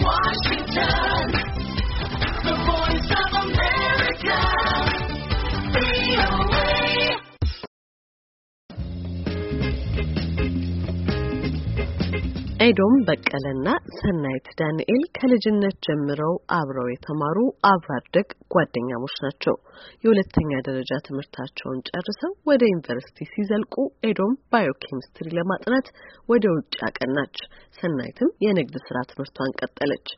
我心疼。ኤዶም በቀለና ሰናይት ዳንኤል ከልጅነት ጀምረው አብረው የተማሩ አብሮ አደግ ጓደኛሞች ናቸው። የሁለተኛ ደረጃ ትምህርታቸውን ጨርሰው ወደ ዩኒቨርሲቲ ሲዘልቁ ኤዶም ባዮኬሚስትሪ ለማጥናት ወደ ውጭ አቀናች። ሰናይትም የንግድ ስራ ትምህርቷን ቀጠለች።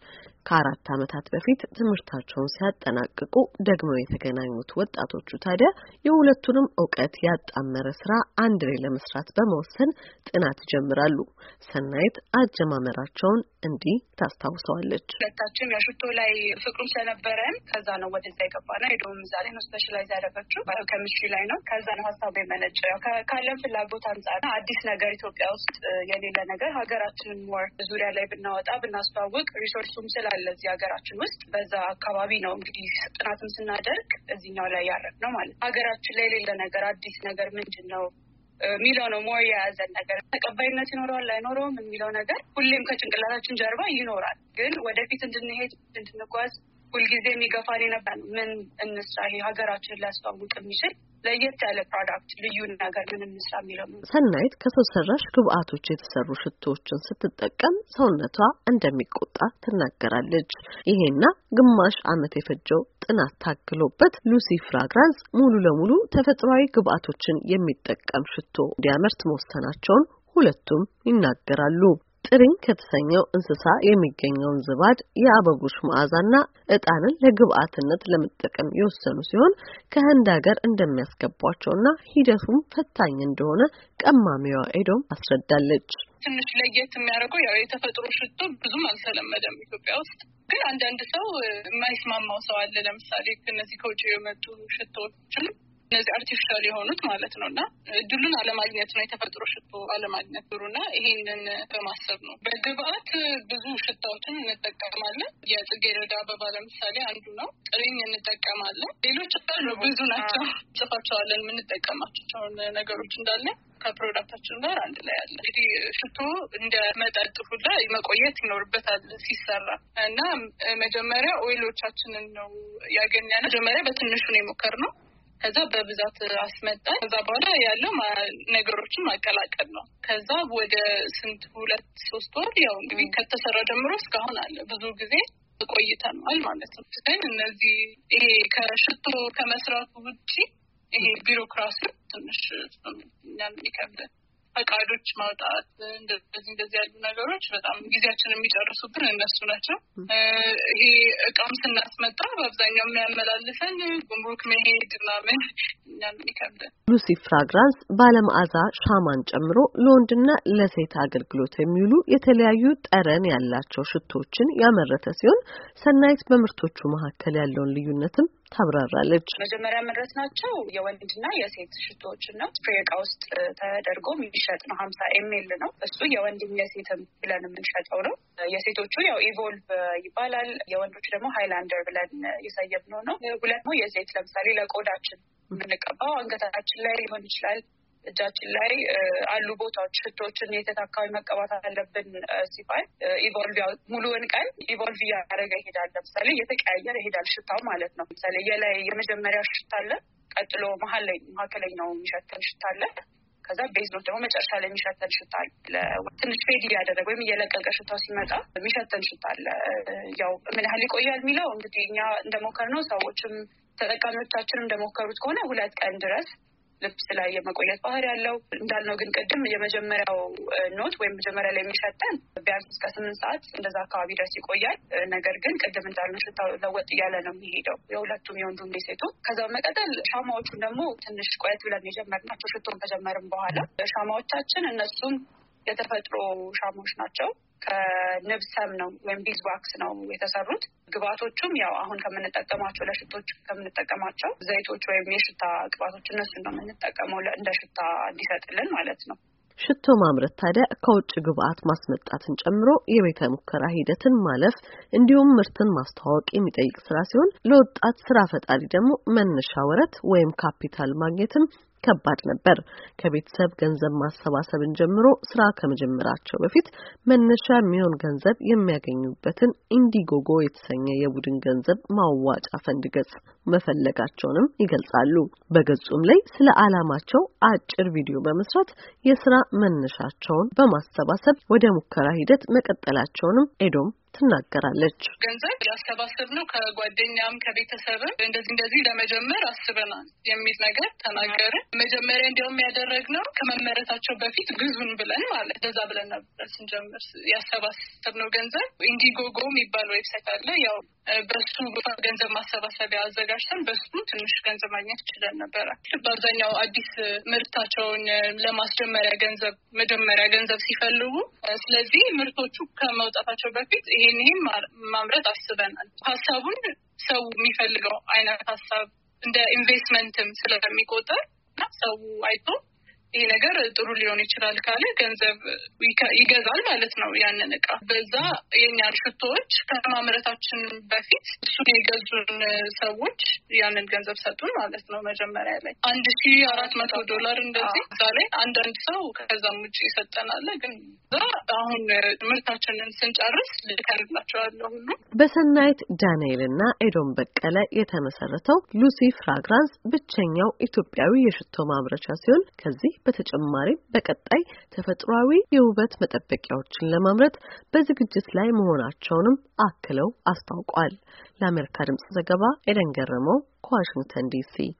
ከአራት ዓመታት በፊት ትምህርታቸውን ሲያጠናቅቁ ደግመው የተገናኙት ወጣቶቹ ታዲያ የሁለቱንም እውቀት ያጣመረ ስራ አንድ ላይ ለመስራት በመወሰን ጥናት ይጀምራሉ። ሰናይት አጀማመራቸውን እንዲህ ታስታውሰዋለች። ሁለታችን የሽቶ ላይ ፍቅሩም ስለነበረን ከዛ ነው ወደዛ የገባ ነው። የዶም ዛሬ ነው ስፔሻላይዝ ያደረገችው ከምሽ ላይ ነው። ከዛ ነው ሀሳብ የመነጨ ካለን ፍላጎት አንጻር አዲስ ነገር ኢትዮጵያ ውስጥ የሌለ ነገር ሀገራችንን ሞር ዙሪያ ላይ ብናወጣ ብናስተዋውቅ ሪሶርሱም ስላለ እዚህ ሀገራችን ውስጥ በዛ አካባቢ ነው እንግዲህ ጥናትም ስናደርግ እዚህኛው ላይ ያረግ ነው ማለት ሀገራችን ላይ የሌለ ነገር አዲስ ነገር ምንድን ነው የሚለው ነው ሞር የያዘን ነገር ተቀባይነት ይኖረዋል አይኖረውም የሚለው ነገር ሁሌም ከጭንቅላታችን ጀርባ ይኖራል። ግን ወደፊት እንድንሄድ እንድንጓዝ ሁልጊዜ የሚገፋን ነበር። ምን እንስራ ይሄ ሀገራችን ሊያስተዋውቅ የሚችል ለየት ያለ ፕሮዳክት ልዩ ነገር ምን እንስራ የሚለው ሰናይት ከሰው ሰራሽ ግብአቶች የተሰሩ ሽቶዎችን ስትጠቀም ሰውነቷ እንደሚቆጣ ትናገራለች። ይሄና ግማሽ ዓመት የፈጀው ጥናት ታክሎበት ሉሲ ፍራግራንስ ሙሉ ለሙሉ ተፈጥሯዊ ግብአቶችን የሚጠቀም ሽቶ እንዲያመርት መወሰናቸውን ሁለቱም ይናገራሉ። ጥሪኝ ከተሰኘው እንስሳ የሚገኘውን ዝባድ፣ የአበቦች መዓዛና እጣንን ለግብአትነት ለመጠቀም የወሰኑ ሲሆን ከህንድ ሀገር እንደሚያስገቧቸውና ሂደቱም ፈታኝ እንደሆነ ቀማሚዋ ኤዶም አስረዳለች። ትንሽ ለየት የሚያደርገው ያው የተፈጥሮ ሽቶ ብዙም አልተለመደም ኢትዮጵያ ውስጥ። ግን አንዳንድ ሰው የማይስማማው ሰው አለ። ለምሳሌ እነዚህ ከውጭ የመጡ ሽቶዎችን እነዚህ አርቲፊሻል የሆኑት ማለት ነው እና እድሉን አለማግኘት ነው የተፈጥሮ ሽቶ አለማግኘት ብሩ እና ይሄንን በማሰብ ነው። በግብአት ብዙ ሽታዎችን እንጠቀማለን። የጽጌረዳ አበባ ለምሳሌ አንዱ ነው። ጥሬን እንጠቀማለን። ሌሎች አሉ ብዙ ናቸው። ጽፋቸዋለን የምንጠቀማቸውን ነገሮች እንዳለ ከፕሮዳክታችን ጋር አንድ ላይ አለ። እንግዲህ ሽቶ እንደ መጠጥ ሁላ መቆየት ይኖርበታል ሲሰራ እና መጀመሪያ ኦይሎቻችንን ነው ያገኘነው። መጀመሪያ በትንሹ ነው ነው ከዛ በብዛት አስመጣን። ከዛ በኋላ ያለው ነገሮችን ማቀላቀል ነው። ከዛ ወደ ስንት ሁለት ሶስት ወር ያው እንግዲህ ከተሰራ ጀምሮ እስካሁን አለ ብዙ ጊዜ ቆይተናል ማለት ነው። ግን እነዚህ ይሄ ከሽቶ ከመስራቱ ውጭ ይሄ ቢሮክራሲ ትንሽ እኛን ይከብዳል። ፈቃዶች ማውጣት እንደዚህ እንደዚህ ያሉ ነገሮች በጣም ጊዜያችን የሚጨርሱብን እነሱ ናቸው። ይሄ እቃም ስናስመጣ በአብዛኛው የሚያመላልፈን ጉምሩክ መሄድ ምናምን እኛም ይከብደን። ሉሲ ፍራግራንስ ባለመዓዛ ሻማን ጨምሮ ለወንድና ለሴት አገልግሎት የሚውሉ የተለያዩ ጠረን ያላቸው ሽቶዎችን ያመረተ ሲሆን ሰናይት በምርቶቹ መካከል ያለውን ልዩነትም ታብራራለች። መጀመሪያ መድረስ ናቸው የወንድና የሴት ሽቶዎችን ነው። ስፕሬ እቃ ውስጥ ተደርጎ የሚሸጥ ነው። ሀምሳ ኤሜል ነው እሱ የወንድም የሴትም ብለን የምንሸጠው ነው። የሴቶቹ ያው ኢቮልቭ ይባላል። የወንዶቹ ደግሞ ሃይላንደር ብለን የሰየብነው ነው። ሁለት ነው የሴት ለምሳሌ ለቆዳችን የምንቀባው አንገታችን ላይ ሊሆን ይችላል እጃችን ላይ አሉ ቦታዎች ሽቶችን የተት አካባቢ መቀባት አለብን ሲባል ኢቮልቭ ሙሉውን ቀን ኢቮልቭ እያደረገ ይሄዳል። ለምሳሌ እየተቀያየረ ይሄዳል ሽታው ማለት ነው። ለምሳሌ የላይ የመጀመሪያ ሽታ አለ። ቀጥሎ መሀል ላይ መካከለኛው የሚሸተን ሽታ አለ። ከዛ ቤዝኖት ደግሞ መጨረሻ ላይ የሚሸተን ሽታ አለ። ትንሽ ፌድ እያደረገ ወይም እየለቀቀ ሽታው ሲመጣ የሚሸተን ሽታ አለ። ያው ምን ያህል ይቆያል የሚለው እንግዲህ እኛ እንደሞከር ነው ሰዎችም ተጠቃሚዎቻችን እንደሞከሩት ከሆነ ሁለት ቀን ድረስ ልብስ ላይ የመቆየት ባህሪ ያለው እንዳልነው ግን ቅድም የመጀመሪያው ኖት ወይም መጀመሪያ ላይ የሚሸጠን ቢያንስ እስከ ስምንት ሰዓት እንደዛ አካባቢ ድረስ ይቆያል። ነገር ግን ቅድም እንዳልነው ሽታው ለወጥ እያለ ነው የሚሄደው የሁለቱም የወንዱም ሴቱ። ከዛ በመቀጠል ሻማዎቹን ደግሞ ትንሽ ቆየት ብለን የጀመርናቸው ሽቶን ከጀመርም በኋላ ሻማዎቻችን እነሱም የተፈጥሮ ሻማዎች ናቸው። ከንብሰም ነው ወይም ቢዝዋክስ ነው የተሰሩት። ግብአቶቹም ያው አሁን ከምንጠቀማቸው ለሽቶች ከምንጠቀማቸው ዘይቶች ወይም የሽታ ግብአቶች እነሱን ነው የምንጠቀመው እንደ ሽታ እንዲሰጥልን ማለት ነው። ሽቶ ማምረት ታዲያ ከውጭ ግብአት ማስመጣትን ጨምሮ የቤተ ሙከራ ሂደትን ማለፍ እንዲሁም ምርትን ማስተዋወቅ የሚጠይቅ ስራ ሲሆን ለወጣት ስራ ፈጣሪ ደግሞ መነሻ ወረት ወይም ካፒታል ማግኘትም ከባድ ነበር። ከቤተሰብ ገንዘብ ማሰባሰብን ጀምሮ ስራ ከመጀመራቸው በፊት መነሻ የሚሆን ገንዘብ የሚያገኙበትን ኢንዲጎጎ የተሰኘ የቡድን ገንዘብ ማዋጫ ፈንድ ገጽ መፈለጋቸውንም ይገልጻሉ። በገጹም ላይ ስለ አላማቸው አጭር ቪዲዮ በመስራት የስራ መነሻቸውን በማሰባሰብ ወደ ሙከራ ሂደት መቀጠላቸውንም ኤዶም ትናገራለች። ገንዘብ ያሰባሰብ ነው ከጓደኛም ከቤተሰብም እንደዚህ እንደዚህ ለመጀመር አስበናል የሚል ነገር ተናገርን። መጀመሪያ እንዲያውም ያደረግነው ከመመረታቸው በፊት ግዙን ብለን ማለት እንደዛ ብለን ነበር ስንጀምር ያሰባሰብ ነው ገንዘብ ኢንዲጎጎ የሚባል ዌብሳይት አለ ያው በሱ ገንዘብ ማሰባሰቢያ አዘጋጅተን በሱ ትንሽ ገንዘብ ማግኘት ችለን ነበረ። በአብዛኛው አዲስ ምርታቸውን ለማስጀመሪያ ገንዘብ መጀመሪያ ገንዘብ ሲፈልጉ፣ ስለዚህ ምርቶቹ ከመውጣታቸው በፊት ይሄን ይሄን ማምረት አስበናል። ሀሳቡን ሰው የሚፈልገው አይነት ሀሳብ እንደ ኢንቨስትመንትም ስለሚቆጠር እና ሰው አይቶ ይሄ ነገር ጥሩ ሊሆን ይችላል ካለ ገንዘብ ይገዛል ማለት ነው ያንን እቃ። በዛ የኛ ሽቶዎች ከማምረታችን በፊት እሱን የገዙን ሰዎች ያንን ገንዘብ ሰጡን ማለት ነው። መጀመሪያ ላይ አንድ ሺ አራት መቶ ዶላር እንደዚህ እዛ ላይ አንዳንድ ሰው ከዛም ውጭ ይሰጠናል። ግን እዛ አሁን ምርታችንን ስንጨርስ ልከርላቸዋለ ሁሉ በሰናይት ዳንኤል እና ኤዶን በቀለ የተመሰረተው ሉሲ ፍራግራንስ ብቸኛው ኢትዮጵያዊ የሽቶ ማምረቻ ሲሆን ከዚህ በተጨማሪም በቀጣይ ተፈጥሯዊ የውበት መጠበቂያዎችን ለማምረት በዝግጅት ላይ መሆናቸውንም አክለው አስታውቋል። ለአሜሪካ ድምጽ ዘገባ ኤደን ገረመው ከዋሽንግተን ዲሲ